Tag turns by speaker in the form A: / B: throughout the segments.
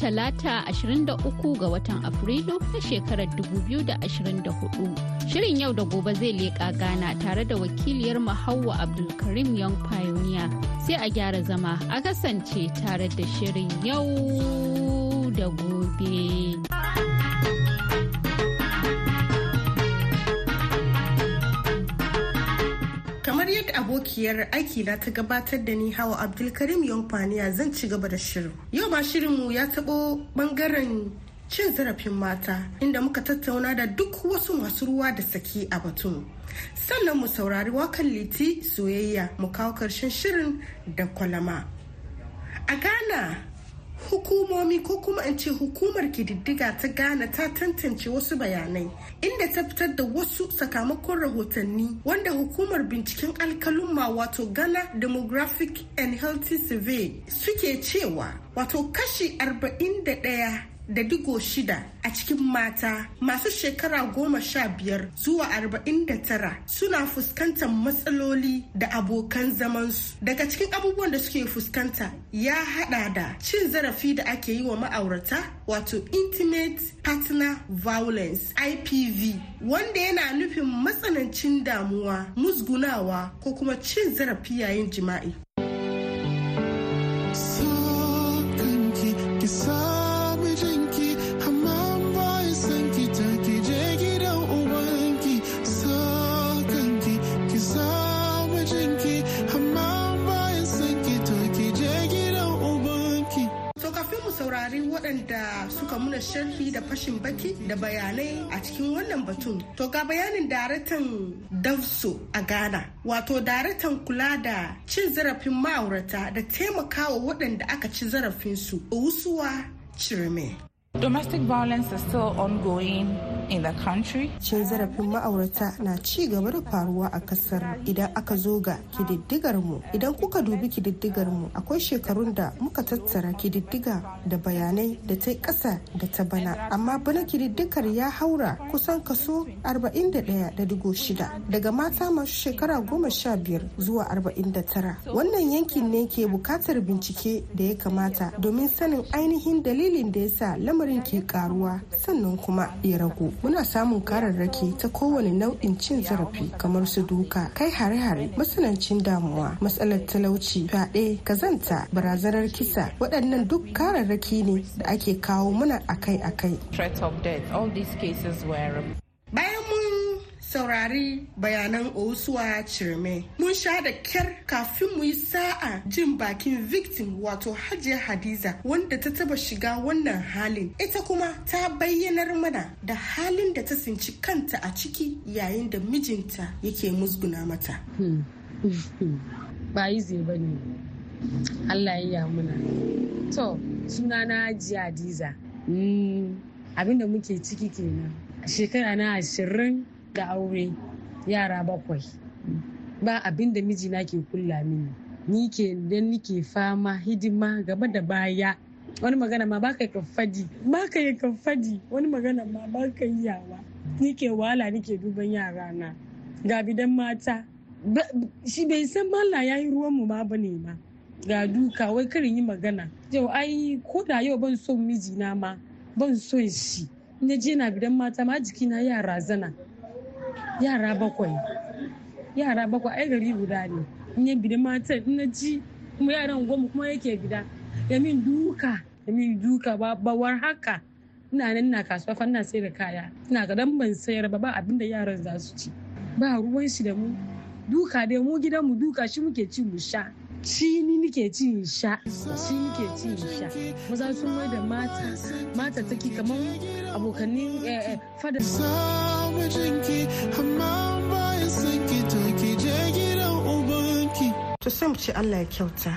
A: talata 23 ga watan afrilu na shekarar 2024 shirin yau da gobe zai leƙa gana tare da wakiliyar hauwa abdulkarim young pioneer sai a gyara zama a kasance tare da shirin yau da gobe. yadda
B: abokiyar aiki na ta gabatar da ni hawa Abdulkarim Yonfaniya zan ci gaba da shirin. Yau ma shirinmu ya taɓo ɓangaren cin zarafin mata inda muka tattauna da duk wasu masu ruwa da saki a batun. Sannan mu saurari wakan liti soyayya mu kawo karshen shirin da kwalama. A Ghana hukumomi ko kuma in ce hukumar kididdiga ta ghana ta tantance wasu bayanai inda ta fitar da wasu sakamakon rahotanni wanda hukumar binciken alkalumma wato ghana demographic and healthy survey suke cewa wato kashi 41 da digo shida a cikin mata masu shekara goma sha biyar zuwa arba'in da tara suna fuskantar matsaloli da abokan zamansu daga cikin abubuwan da suke fuskanta ya hada da cin zarafi da ake yi wa ma'aurata wato intimate partner violence ipv wanda yana nufin matsanancin damuwa musgunawa ko kuma cin zarafi yayin jima'i. sharhi da fashin baki da bayanai a cikin wannan batun. To ga bayanin daratan Davso a Ghana, wato daratan kula da cin zarafin ma'aurata da taimakawa waɗanda aka ci zarafinsu, Usuwa Chirme. Domestic violence is still ongoing in the country. Cin zarafin ma'aurata na ci gaba da faruwa a kasar idan aka zo ga kididdigar mu. Idan kuka dubi kididdigar mu akwai shekarun da muka tattara kididdiga da bayanai da ta kasa da ta bana. Amma bana kididdigar ya haura kusan kaso 41.6 daga mata masu shekara 15 zuwa 49. Wannan yankin ne ke bukatar bincike da ya kamata domin sanin ainihin dalilin da ya sa lamarin ke karuwa sannan kuma ya ragu. muna samun kararraki ta kowane nau'in cin zarafi kamar su duka kai hare-hare matsanancin damuwa matsalar talauci fyaɗe kazanta barazanar kisa waɗannan duk kararraki ne da ake kawo muna akai-akai saurari bayanan Osuwa Cirme. Mun sha da kyar kafin mu yi sa'a jin bakin victim wato Hajiya Hadiza wanda ta taba shiga wannan halin. Ita kuma ta bayyanar mana da halin da ta tsinci kanta a ciki yayin da mijinta yake musguna mata. Ba yi ba ne. Allah ya muna. To,
C: na ji Hadiza. Mm, abinda muke ciki kenan. Shekara na ashirin da aure yara bakwai ba abin da mijina ke kulla mini ni ke dan nike fama hidima gaba da baya wani magana ma baka ka fadi baka yi ka fadi wani magana ma baka yi yawa ke wala ke duban yara na ga bidan mata shi bai san malla yayi ruwan mu ma ne ma ga duka wai karin yi magana yau ai ko da yau ban son na ma ban son shi na je na bidan mata ma jikina yara zana. yara bakwai yara bakwai ai gari guda ne in ya bida matan in na ji kuma yaran goma kuma yake gida ya min duka ya min duka bawar haka ina nan ina kasuwa fa ina sayar da kaya ina ga dan ban sayar ba ba abinda yaran za su ci ba ruwan shi da mu duka dai mu gidan mu duka shi muke ci mu sha shi ni nike ci in sha shi nike ci in sha maza
D: sun wai da mata mata take kamar abokanin eh, eh, fada samu jinki amma bayan sanki take je gidan
B: ubanki to sai mu ce Allah ya kyauta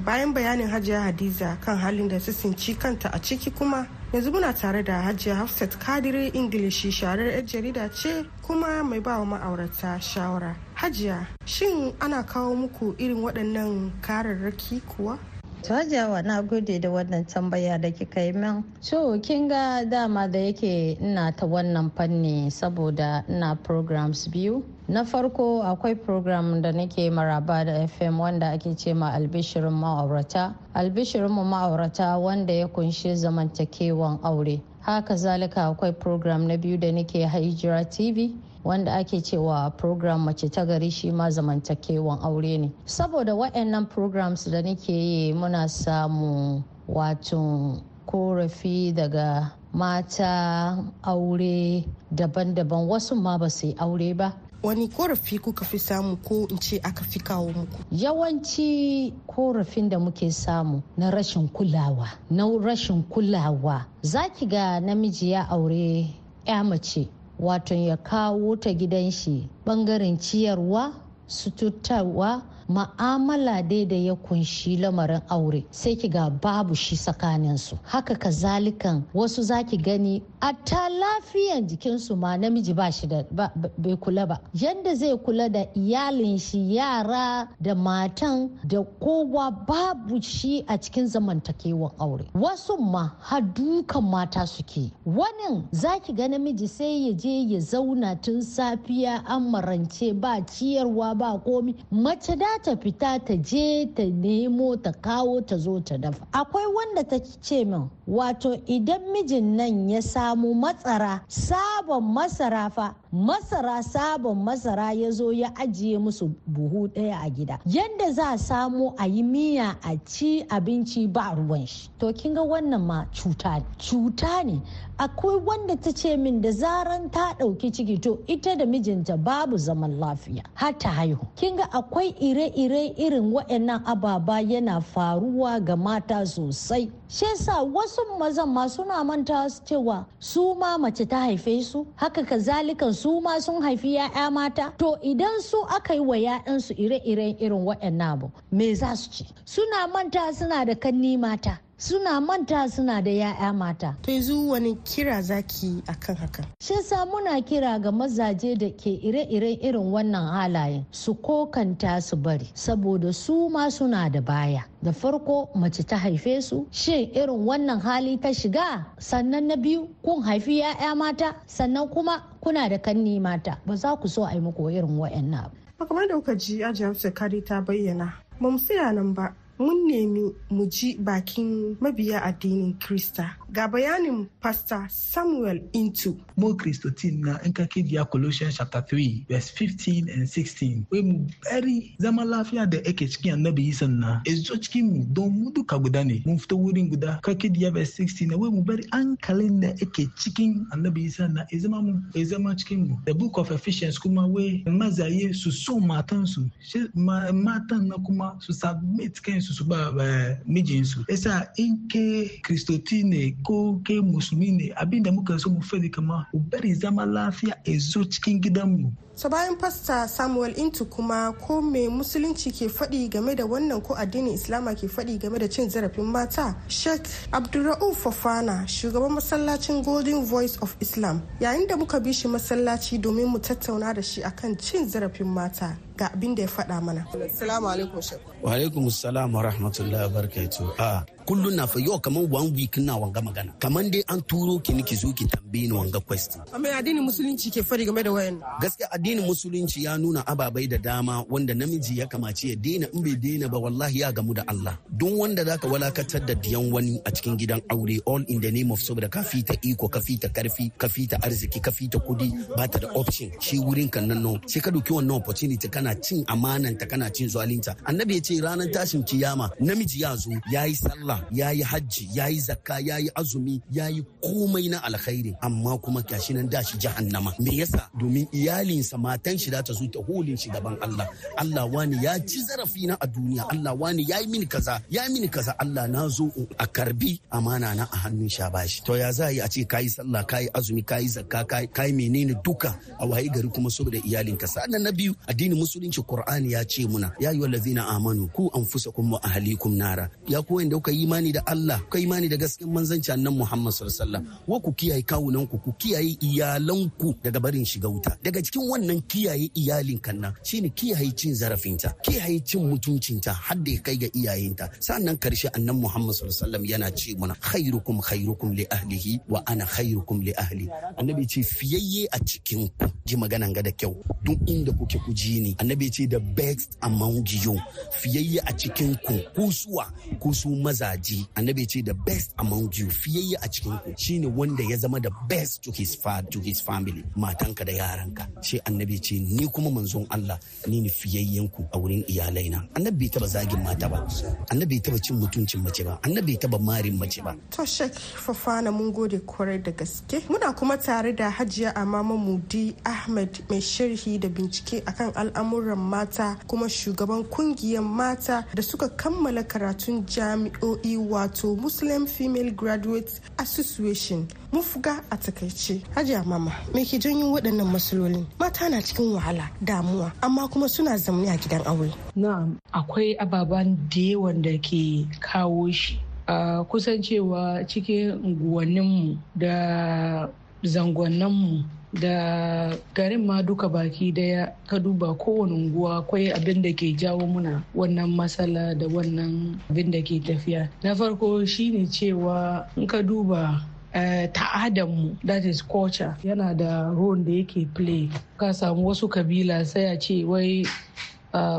B: bayan bayanin hajiya hadiza kan halin da su sinci kanta a ciki kuma yanzu muna tare da hajiya hafsat kadiri ingilishi sharar jarida ce kuma mai ba wa ma'aurata shawara hajiya shin ana kawo muku irin waɗannan kararraki kuwa Tajawa na gode da wannan
E: tambaya da kika yi min. So, kin ga dama da yake ina ta wannan fanni saboda ina programs biyu. Na farko akwai program da nake maraba da FM wanda ake ce ma albishirin ma'aurata. Albishirin ma'aurata wanda ya kunshi zamantakewan aure. Haka zalika akwai program na biyu da nake Hijira TV. wanda ake cewa program mace ta gari shi ma zamantakewan aure ne saboda waɗannan programs da nake yi muna samu wato korafi daga mata aure daban-daban wasu ma ba su yi aure ba wani korafi kuka fi samu ko in ce aka fi kawo muku yawanci korafin da muke samu na rashin kulawa na rashin kulawa za ki ga namiji ya aure ya mace wato ya kawo ta gidan shi bangaren ciyarwa sututtawa ma'amala dai da ya kunshi lamarin aure sai ki ga babu shi tsakaninsu haka kazalikan wasu zaki gani a ta lafiyan jikinsu ma namiji ba shi da bai kula ba yadda zai kula da iyalin shi yara da matan da kowa babu shi a cikin zamantakewan aure wasu ma har dukan mata suke wani zaki ga namiji sai ya je ya zauna tun safiya an marance ba ciyarwa ba komi mace da ta fita ta je ta nemo ta kawo ta zo ta dafa akwai wanda ta ce min wato idan mijin nan ya samu matsara sabon masara fa masara sabon masara ya zo ya ajiye musu buhu ɗaya a gida yadda za a samu a yi miya a ci abinci ba ruwan shi to kin ga wannan ma cuta ne akwai wanda ta ce min da zaran ta ɗauki ciki to ita da mijinta babu zaman lafiya har ta haihu kin ga akwai ire-ire irin waɗannan ababa yana faruwa ga mata sosai shi yasa wasu mazan ma suna manta cewa su ma mace ta haife su haka kazalika su ma sun haifi 'ya'ya mata to idan su aka yi wa 'ya'yansu ire ire irin waɗannan abu me za su ce suna manta suna da kanni mata suna manta suna da 'ya'ya mata. To yanzu wani kira zaki akan hakan? Shi yasa muna kira ga mazaje da ke ire-iren irin wannan halaye su kokanta su bari saboda su ma suna da baya. Da farko mace ta haife su, shin irin wannan hali ta shiga sannan na biyu kun haifi 'ya'ya mata sannan kuma kuna
B: da kanni mata ba za ku so a yi muku irin wa'annan. Kamar da kuka ji Ajiya Kari ta bayyana, ba mu nan ba mun nemi mu ji bakin mabiya addinin krista ga bayanin pastor samuel into mo kristotin na in
F: ka kidiya colossians chapter 3 verse 15 and 16 wai mu bari zama lafiya da ake cikin annabi isa na izo cikin mu don mu duka guda ne mun fito wurin guda ka kidiya verse 16 na wai mu bari hankalin da ake cikin annabi isa na ya zama mu ya zama cikin mu the book of ephesians kuma wai mazaye su so matan su matan na kuma su submit kansu su ba mijinsu yasa in ke kristoti ne ko kai musulmi ne abinda muka so mu fadi kama ku bari zama lafiya a zo cikin gidanmu.
B: so bayan fasta samuel intu kuma ko mai musulunci ke faɗi game da wannan ko addinin islama ke faɗi game da cin zarafin mata sheikh Abdulra'u fafana shugaban masallacin golden voice of islam yayin da muka bi shi masallaci domin mu tattauna da shi akan cin zarafin mata ga abin da ya faɗa mana. Assalamu alaikum
F: Wa alaikum salam wa rahmatullahi wa barakatuh. kullum na fa kamar kaman one week na wanga magana kaman dai an turo ki niki zo ki tambaye ni wanga question
B: amma addinin musulunci
F: ke fari game da wayan gaskiya addinin musulunci ya nuna ababai da dama wanda namiji ya kamace ya daina in bai daina ba wallahi ya gamu da Allah duk wanda zaka walakatar da diyan wani a cikin gidan aure all in the name of saboda ka fita iko ka fita karfi ka fita arziki ka fita kudi ba ta da option shi wurin kan nan nan sai ka dauki wannan opportunity kana cin amananta kana cin zalunta annabi ya ce ranar tashin kiyama namiji ya zo yayi sallah ba ya yi hajji ya yi zakka ya yi azumi ya yi komai na alkhairi amma kuma kyashi nan dashi jahannama me yasa domin iyalinsa matan shi ta zo ta holin shi gaban Allah Allah wani ya ci zarafi na a duniya Allah wani ya yi mini kaza ya yi mini kaza Allah na zo a karbi amana na a hannun sha bashi to ya za yi a ce kayi sallah kayi azumi kayi zakka kayi menene duka a waye gari kuma saboda iyalinka sa'an na biyu addinin musulunci Qur'ani ya ce muna ya yi wallazina amanu ku anfusakum wa ahlikum nara ya koyin da kuka yi imani da Allah ku imani da gaskiyar manzanci annan Muhammad sallallahu alaihi wasallam wa ku kiyaye kawunan ku ku kiyaye iyalanku daga barin shiga wuta daga cikin wannan kiyaye iyalin kanna shine kiyaye cin zarafinta kiyaye cin mutuncinta har da kai ga iyayenta sannan karshe annan Muhammad sallallahu alaihi wasallam yana ce mana khairukum khairukum li ahlihi wa ana khairukum li ahli annabi ce fiyayye a cikin ku ji maganan ga da kyau duk inda kuke ku ji ni annabi ce the best among you fiyayye a cikin ku kusuwa kusu maza magaji annabi ce the best among you fiyayye a cikin ku shine wanda ya zama the best to his father to his family matanka da yaranka ce annabi ce ni kuma manzon Allah ni ne fiyayyen ku a wurin iyalaina annabi bai taba zagin mata ba annabi taba cin mutuncin mace ba annabi taba marin mace ba
B: to shek fafana mun gode kwarai da gaske muna kuma tare da hajiya amama mudi ahmed mai sharhi da bincike akan al'amuran mata kuma shugaban kungiyar mata da suka kammala karatun jami'o' MFGE wato Muslim Female graduate Association mufga a takaice. Hajiya mama mai ke janyo waɗannan
G: matsalolin? Mata na cikin wahala damuwa amma kuma suna zamani a gidan aure. Na'am akwai ababen da wanda da ke kawo shi. a kusancewa cikin unguwanninmu da zangonninmu da garin ma duka baki daya ka duba kowane unguwa akwai abin da ke jawo muna wannan matsala da wannan abin da ke tafiya na farko shine cewa in ka duba eh, ta'adan ta'adanmu that is culture yana da role da yake play ka samu wasu kabila sai a ce wai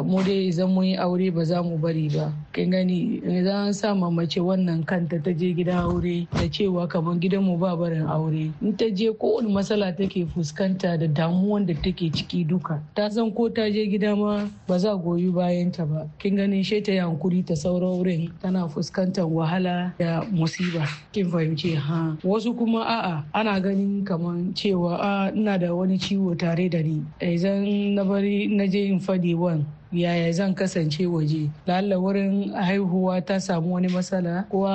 G: mu dai idan mun yi aure ba za mu bari ba kin gani idan an sa mace wannan kanta ta je gida aure da cewa kamar gidan mu ba barin aure in ta je kowane matsala take fuskanta da damuwan da take ciki duka ta san ko ta je gida ma ba za goyi bayan ta ba kin gani she ta yankuri ta saura wurin tana fuskantar wahala da musiba kin fahimce ha wasu kuma a'a ana ganin kaman cewa a ah, ina da wani ciwo tare da ni idan na bari na je in fadi wan yaya zan kasance waje lalla wurin haihuwa ta samu wani matsala ko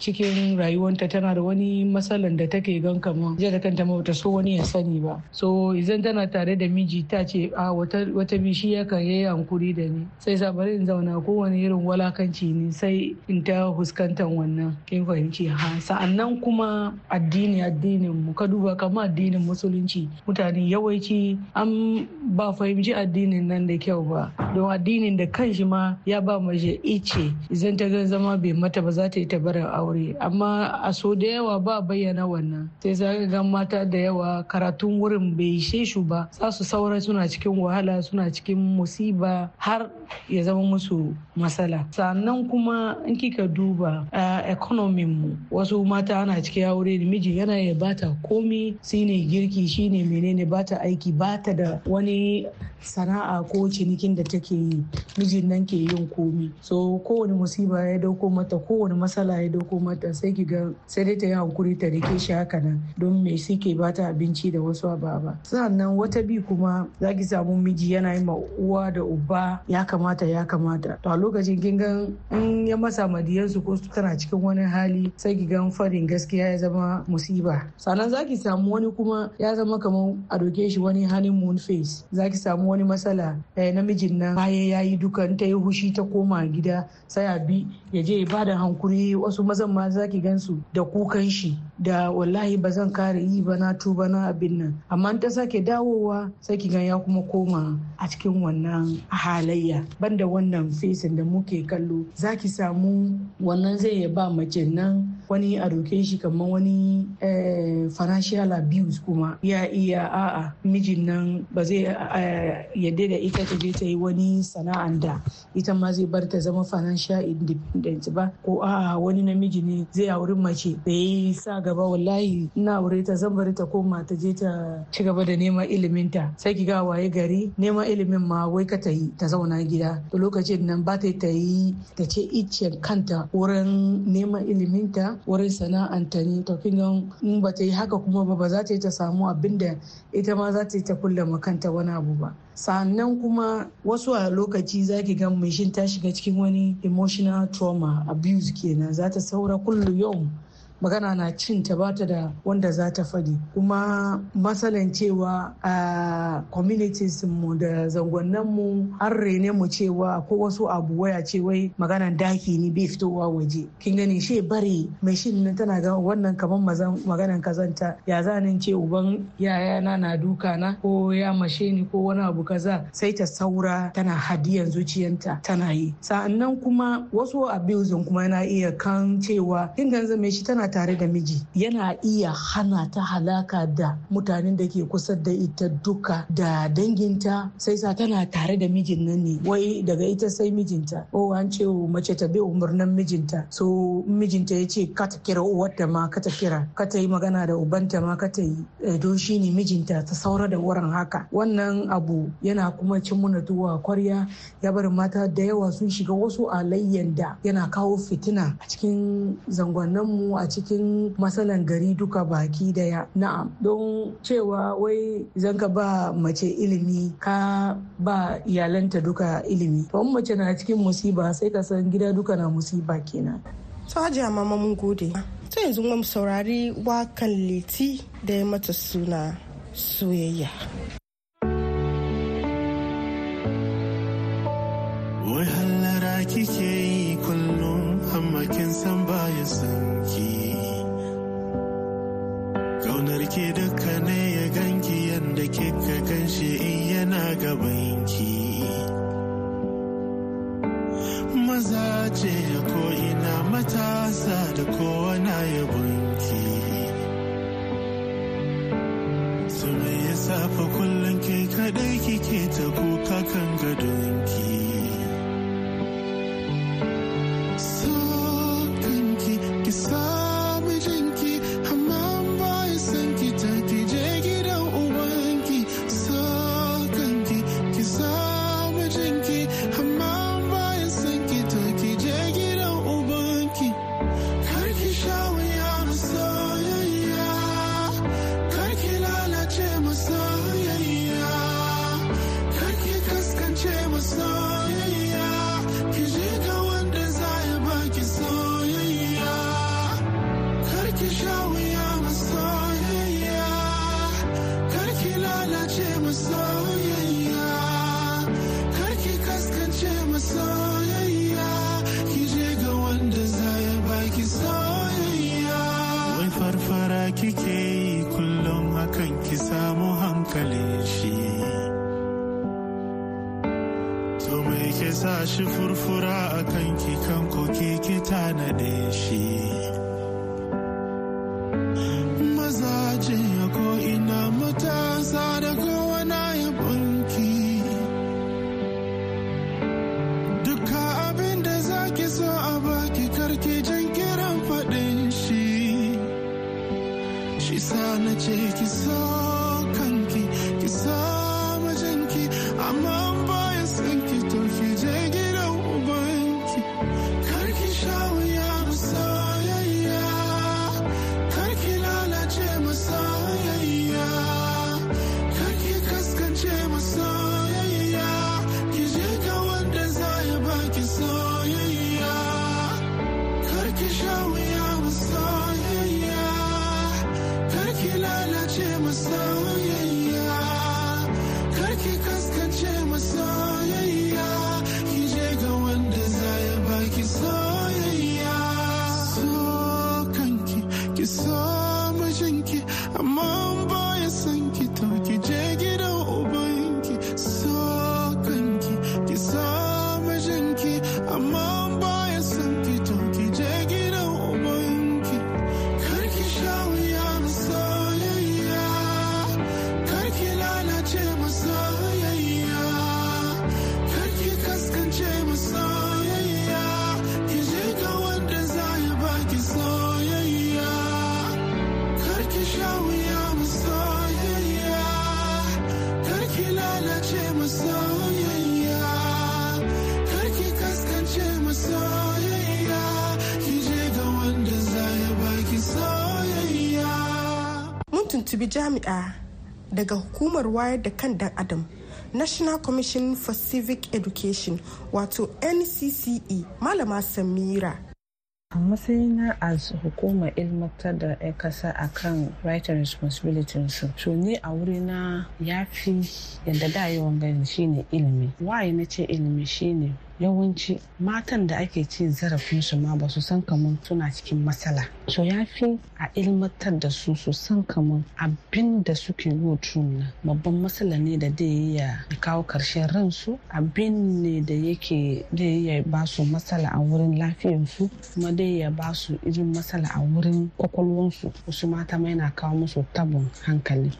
G: cikin rayuwanta tana da wani matsalan da take gan kaman. Jiya da kanta ma bata so wani ya sani ba so idan tana tare da miji ta ce a wata wata ya kan yayi hankuri da ni sai sa bari in zauna ko wani irin walakanci ne sai in ta fuskantar wannan kin fahimci ha sa'annan kuma addini addinin mu ka duba kamar addinin musulunci mutane yawanci an ba fahimci addinin nan da kyau ba don addinin da kanshi ma ya ba mace ice idan ta gan zama bai mata ba za ta yi ta barin aure amma a so da yawa ba bayyana wannan sai za ka gan mata da yawa karatun wurin bai ishe shi ba za su saura suna cikin wahala suna cikin musiba har ya zama musu matsala sannan kuma in kika duba economy mu wasu mata ana cikin aure da miji yana ya bata komi shine girki shine menene bata aiki bata da wani sana'a ko cinikin da take yi mijin nan ke yin komi so kowane musiba ya dauko mata kowane matsala ya dauko mata sai ki ga sai dai ta yi hankuri ta rike shi haka nan don me suke bata abinci da wasu ba. sannan wata bi kuma za ki samu miji yana yi ma uwa da uba ya kamata ya kamata to a lokacin kin ga in ya masa su ko tana cikin wani hali sai ki ga farin gaskiya ya zama musiba sannan za ki samu wani kuma ya zama kamar a doke shi wani honeymoon face za ki samu wani matsala eh, namiji aikin nan bayan ya yi dukan ta yi hushi ta koma gida sai a bi ya je ya ba da hankuri wasu mazan ma za ki gansu da kukan shi da wallahi ba zan kare yi ba na tuba na abin nan amma ta sake dawowa sai ki gan ya kuma koma a cikin wannan halayya banda wannan fesin da muke kallo za ki samu wannan zai ya ba mace nan wani a roke shi kamar wani eh, financial abuse kuma ya iya a'a mijin nan ba zai eh, yadda da ita ta je ta yi wani sana'an da ita ma zai bar ta zama financial independent ba ko a wani namiji ne zai auri mace da ya sa gaba wallahi ina aure ta zan bari ta koma ta je ta ci gaba da neman ilimin ta sai ki ga waye gari neman ilimin ma wai ka ta yi ta zauna gida to lokacin nan ba ta yi ta ce iccen kanta wurin neman ilimin ta wurin ta ne to kin in ba ta yi haka kuma ba ba za ta yi ta samu abin da ita ma za ta yi ta kulle kanta wani abu ba sannan kuma wasu a lokaci za ki ga mishin ta shiga cikin wani emotional trauma abuse kenan za ta saura kullum yau magana na cin ta bata da wanda za ta faɗi kuma matsalan cewa a communities mu da zangonnan mu an rene mu cewa ko wasu abu waya ce wai maganan daki ne bai fitowa waje kin gani she bare mai shin nan tana ga wannan kaman maganan kazanta ya zanin ce uban yaya na na duka na ko ya mashe ni ko wani abu kaza sai ta saura tana hadiyan zuciyanta tana yi sa'annan kuma wasu abuse kuma yana iya kan cewa kin ganzame shi tana tare da miji yana iya hana ta halaka da mutanen da ke kusa da ita duka da danginta sai sa tana tare da mijin nan ne wai daga ita sai mijinta o an ce mace ta bi umarnin mijinta so mijinta ya ce ka ta kira uwarta ma ka ta kira ka ta yi magana da ubanta ma ka ta yi eh, don shi ne mijinta ta saura da wurin haka wannan abu yana kuma cin muna tuwa kwarya ya bar mata da yawa sun shiga wasu alayyan da yana kawo fitina a cikin mu a cikin cikin matsalan gari duka baki daya na'am don cewa wai zan ka ba mace ilimi ka ba iyalanta duka ilimi to mace na cikin musiba sai ka san gida duka na musiba kenan to hajiya mama mun gode
B: sai yanzu mu saurari wakan liti da ya mata suna soyayya
H: wai hallara kike yi kullum amma kin san san ki. ke duka ne ya ganki yadda kika shi in yana gabanki maza ce ko ina matasa da kowa na yabonki su mai yasa fa kullum ke kadai kike ta kuka kan gadonki
D: She to that you can
B: daga hukumar wayar da kan dan adam national commission for civic education wato ncce malama samira a na a hukumar
I: ilmantar da 'yan kasa a kan right and responsibility su to ni a na ya fi yadda da yawan gani shine ilimi waye na ce ilimi shine yawanci matan da ake ci zarafin su ma ba su san kamun suna cikin matsala so ya fi a ilmantar da su su san kamun abin da suke go na babban matsala ne da zai iya kawo karshen ransu abin ne da yake zai iya ba su matsala a wurin su kuma da iya ba su irin matsala a wurin kwakwalwansu wasu mata ma yana kawo musu tabon hankali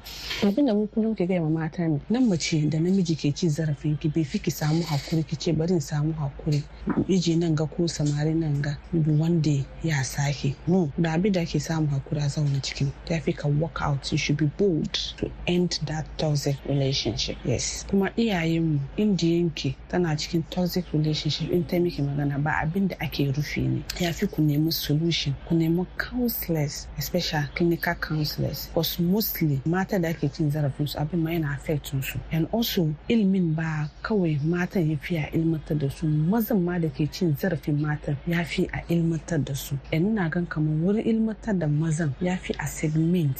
I: abin da mu kullum ke gaya ma mata ne nan mace da namiji ke ci zarafin ki bai fi ki samu hakuri ki ce bari in samu mu hakuri iji nan ga ko samari nan ga wanda ya sake no da abin da ke samu hakuri a zauna cikin ya fi ka work out you should be bold to end that toxic relationship yes kuma mu inda indiyanki tana cikin toxic relationship in ta miki magana ba abin da ake rufi ne ya fi ku nemi solution ku nemi counselors especially clinical counselors because mostly mata da ake cin zarafin su abin ma yana affect su and also ilimin ba kawai matan ya fiya ilmantar da su su mazan ma da ke cin zarafin matan ya fi a ilmantar da su yan nuna gan kamar wurin ilmantar da mazan ya fi a segment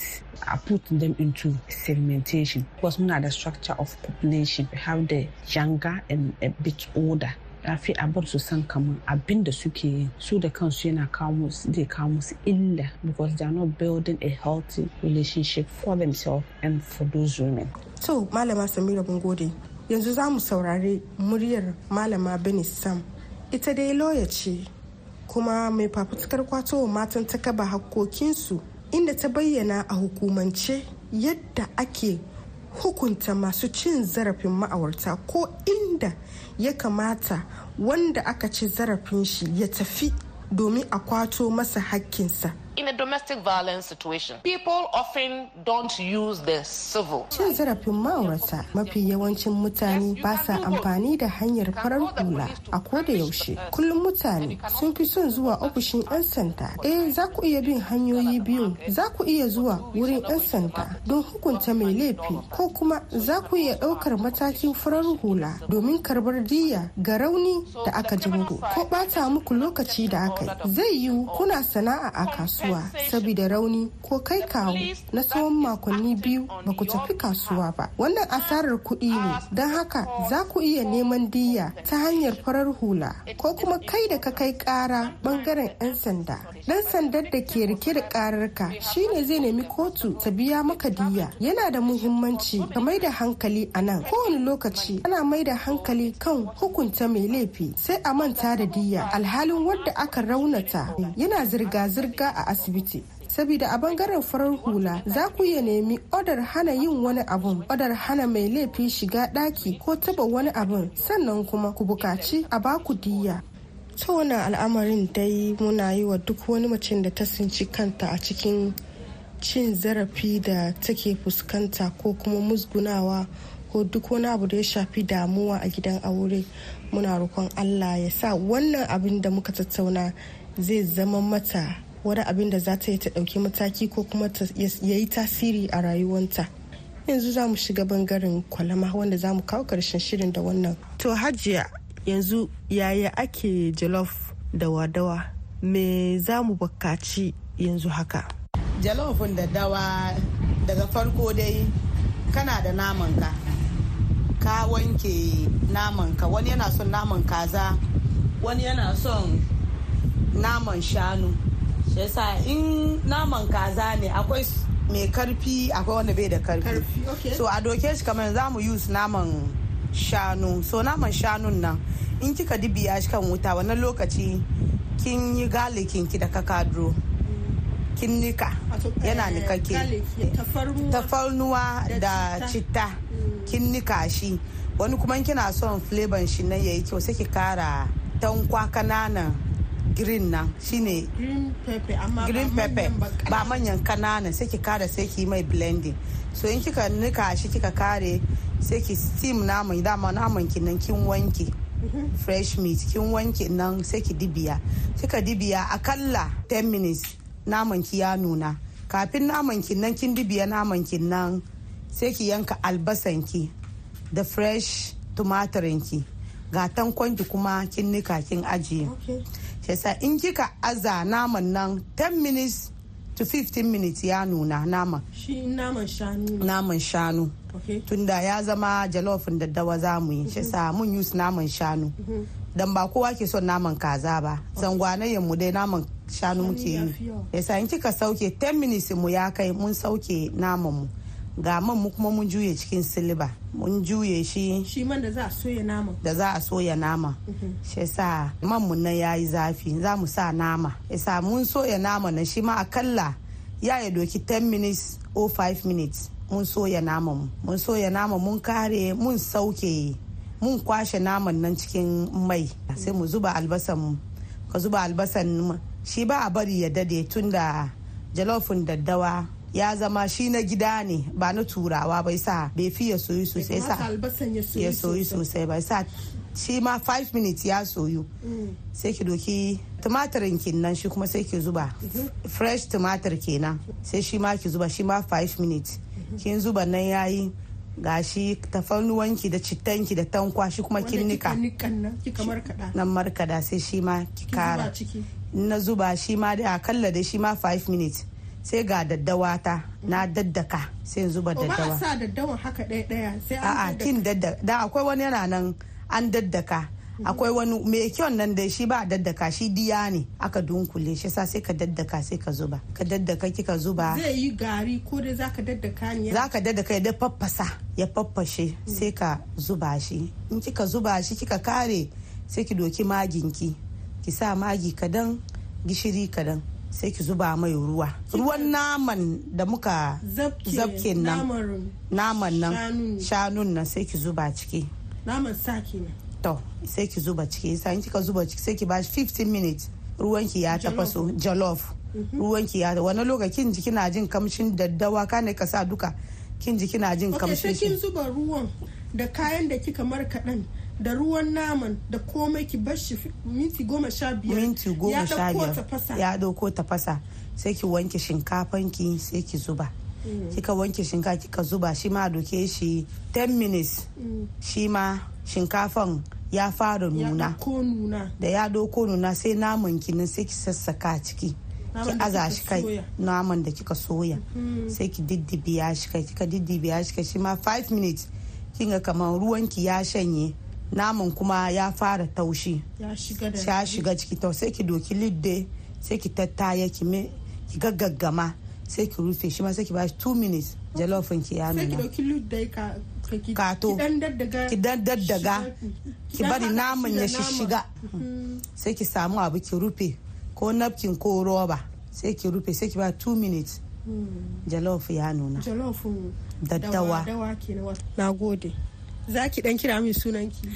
I: a put them into segmentation because muna da structure of population have the younger and a bit older ya fi a bar su san kamar abin da suke yi su da kansu yana kawo zai kawo musu illa because they are not building a healthy relationship for themselves and for those women.
B: to malama samira mun gode yanzu za mu saurari muryar malama bini sam ita dai loya ce kuma mai fafutukar kwato wa matan ta kaba hakkokinsu inda ta bayyana a hukumance yadda ake hukunta masu cin zarafin ma'aurata ko inda ya kamata wanda aka ci zarafin shi ya tafi domin a kwato masa hakkinsa
A: in a
I: domestic violence situation. People often don't use the civil.
B: Cin zarafin ma'aurata mafi yawancin mutane ba sa amfani da hanyar farar hula a koda yaushe. Kullum mutane sun fi son zuwa ofishin 'yan sanda. Eh za ku iya bin hanyoyi biyu. Za ku iya zuwa wurin 'yan sanda don hukunta mai laifi ko kuma za ku iya ɗaukar matakin farar hula domin karbar diya ga rauni da aka ji ko ko ta muku lokaci da aka yi. Zai yiwu kuna sana'a a kasuwa. mutuwa saboda rauni ko kai kawo na tsawon makonni biyu ba ku tafi kasuwa ba wannan asarar kuɗi ne don haka za ku iya neman diya ta hanyar farar hula ko kuma kai da ka kai ƙara ɓangaren 'yan sanda ɗan sandar da ke rike da ƙararka shine zai nemi kotu ta biya maka diya yana da muhimmanci ka mai da hankali a nan kowane lokaci ana mai da hankali kan hukunta mai laifi sai a manta da diya alhalin wadda aka raunata yana zirga-zirga a asibiti saboda a bangaren farar hula za ku iya nemi odar hana yin wani abun odar hana mai laifi shiga daki ko taba wani abun sannan kuma ku bukaci a baku diya ta wannan al'amarin dai muna yi wa duk wani macen da ta sinci kanta a cikin cin zarafi da take fuskanta ko kuma musgunawa ko duk wani abu da ya shafi damuwa a gidan aure muna roƙon allah ya sa wannan abin da muka tattauna zai zama mata wani abin da za ta yi ta ɗauki mataki ko kuma ya yi tasiri a rayuwanta yanzu za mu shiga bangaren kwalama wanda za mu kawo karshen shirin da wannan to hajiya yanzu yaya ake jalof da wadawa me za mu bukaci yanzu
J: haka jalofin da dawa daga farko dai kana da namanka ka wanke namanka wani yana son naman kaza wani yana son naman shanu shi yasa in naman kaza ne akwai mai karfi akwai wanda bai da karfi so a doke shi kamar za mu use naman shanu so naman shanun nan in kika dibiya shi kan wuta wannan lokaci kin yi galikin ki da kakadro kin nika yana eh, nikake tafarnuwa da citta mm. kin nika shi wani kuma kina son flavor shi na yayi kyau sai ki kara tankwa kananan green nan shine green pepper amma ba manyan kanana sai ki kare sai ki mai blending so in kika nika shi kika kare sai ki steam naman dama naman ki nan kin wanke mhm. fresh meat kin wanke nan sai ki dibiya kika dibiya akalla 10 minutes naman ki ya nuna kafin naman ki nan kin dibiya naman ki nan sai ki yanka albasan ki da fresh tumatirin ki ga tankon ki kuma kin nika kin ajiye okay. yasa in kika aza naman nan 10 minutes to 15 minutes ya nuna naman
B: shi naman shanu naman
J: shanu tunda ya zama jalofin daddawa za mu yi shi sa mun use naman shanu mm dan ba kowa ke son naman kaza ba okay. zangwanayen mu dai naman shanu muke yi yasa in kika sauke 10 minutes mu ya kai mun sauke naman mu ga man mu kuma mun juye cikin silba mun juye shi shi man da za a soya nama da za a soya nama mhm. shi sa man mun nan yayi zafi za mu sa nama sa mun soya nama na shi ma akalla ya ya doki 10 minutes or 5 minutes mun soya nama mu mun soya nama mun kare mun sauke mun kwashe naman nan cikin mai sai mu zuba albasan mu ka zuba albasan shi ba a bari ya dade tun da jalofin daddawa ya zama shi na gida ne ba na turawa bai sa bai fi ya soyu sosai sa ya soyu sosai bai sa shi ma 5 minutes ya soyu mm. sai ki doki tumatirin kinnan shi kuma sai ki zuba mhm. fresh tumatir kenan sai shi ma ki zuba shi ma 5 minutes mhm. kin zuba nan yayi shi tafarnuwanki da cittanki da tankwa shi kuma kin nika nan markada sai shi ma ki kara na zuba shi ma da akalla da shi ma 5 minutes sai ga daddawa ta na daddaka sai zuba daddawa. Ba a sa
B: daddawan haka ɗaya ɗaya
J: sai an daddaka. A'a kin daddaka da akwai wani yana nan an daddaka. akwai wani mai kyau nan da shi ba daddaka shi diya ne aka dunkule shi sa sai ka daddaka sai ka zuba ka daddaka kika zuba zai
B: yi gari ko da za ka daddaka ne za ka
J: daddaka ya faffasa ya faffashe mm. sai ka zuba shi in kika zuba shi kika kare sai ki doki maginki ki sa magi kadan gishiri kadan sai ki zuba mai ruwa ruwan naman da muka zabke nan naman nan shanun nan sai ki zuba ciki naman sa to sai ki zuba ciki sai kika zuba ciki sai ki ba shi 15 minutes ki ya tafaso jollof mhm. ki ya wani lokacin jiki na jin kamshin daddawa ka ne ka sa duka kin jiki na jin kamshin shi kin zuba ruwan
B: da kayan da kika markaɗan da ruwan naman da komai ki bar shi
J: minti goma sha biyar minti goma sha biyar ya dauko tafasa sai ki wanke shinkafan ki sai ki zuba mm. kika wanke shinkafa kika zuba shi ma doke shi 10 minutes mm. shi ma shinkafan ya fara nuna da ya dauko nuna sai naman ki nan sai ki sassaka ciki ki aza shi kai naman da kika soya mm. sai ki ya shi kai kika ya shi kai shi ma 5 minutes kinga kamar ruwan ki ya shanye naman kuma ya fara taushi
H: ya
B: shiga ciki
J: to sai ki doki lidde sai ki tattaya ki me ki gaggama sai ki rufe shi ma sai ki shi 2 minutes jalofin ki ya nuna sai ki
B: doki lidde ka
J: kato ki dan daddaga ki bari naman ya shiga hmm. Hmm. sai ki samu abu ki rufe ko napkin ko roba sai ki rufe sai ki ba 2 minutes
B: hmm.
J: jalof ya nuna
B: jalofin daddawa
J: na gode za ki dan kira min sunanki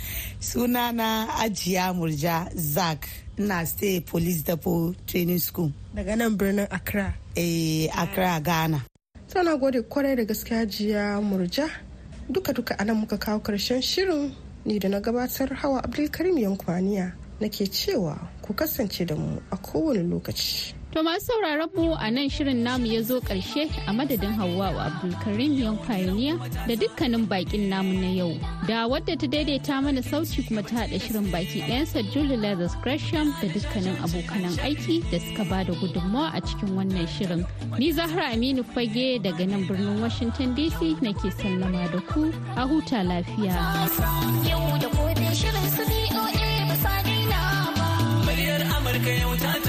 J: sunana ajiya murja zak ina stay police depot training school daga nan birnin accra eh accra ghana
B: tana gode kwarai da gaskiya jiya murja duka-duka anan muka kawo karshen shirin ne da na gabatar hawa abdulkarim yankwaniya nake cewa ku kasance da mu a kowane lokaci
A: To masu sauraron mu a nan shirin namu ya zo ƙarshe a madadin Hawwa'u Abdulkarim yan Pioneer da dukkanin bakin namu na yau. Da wadda ta daidaita mana sauci kuma ta haɗa shirin baki ɗayansa Julie Leathers Gresham da dukkanin abokanan aiki da suka ba da gudunmawa a cikin wannan shirin. Ni Zahra Aminu Fage daga nan birnin Washington DC nake sallama da ku a huta lafiya. Yau da shirin su ba ba. Muryar Amurka yau ta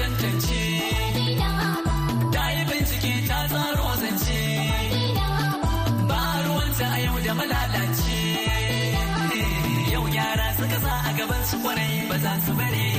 D: su kwarai ba za su bare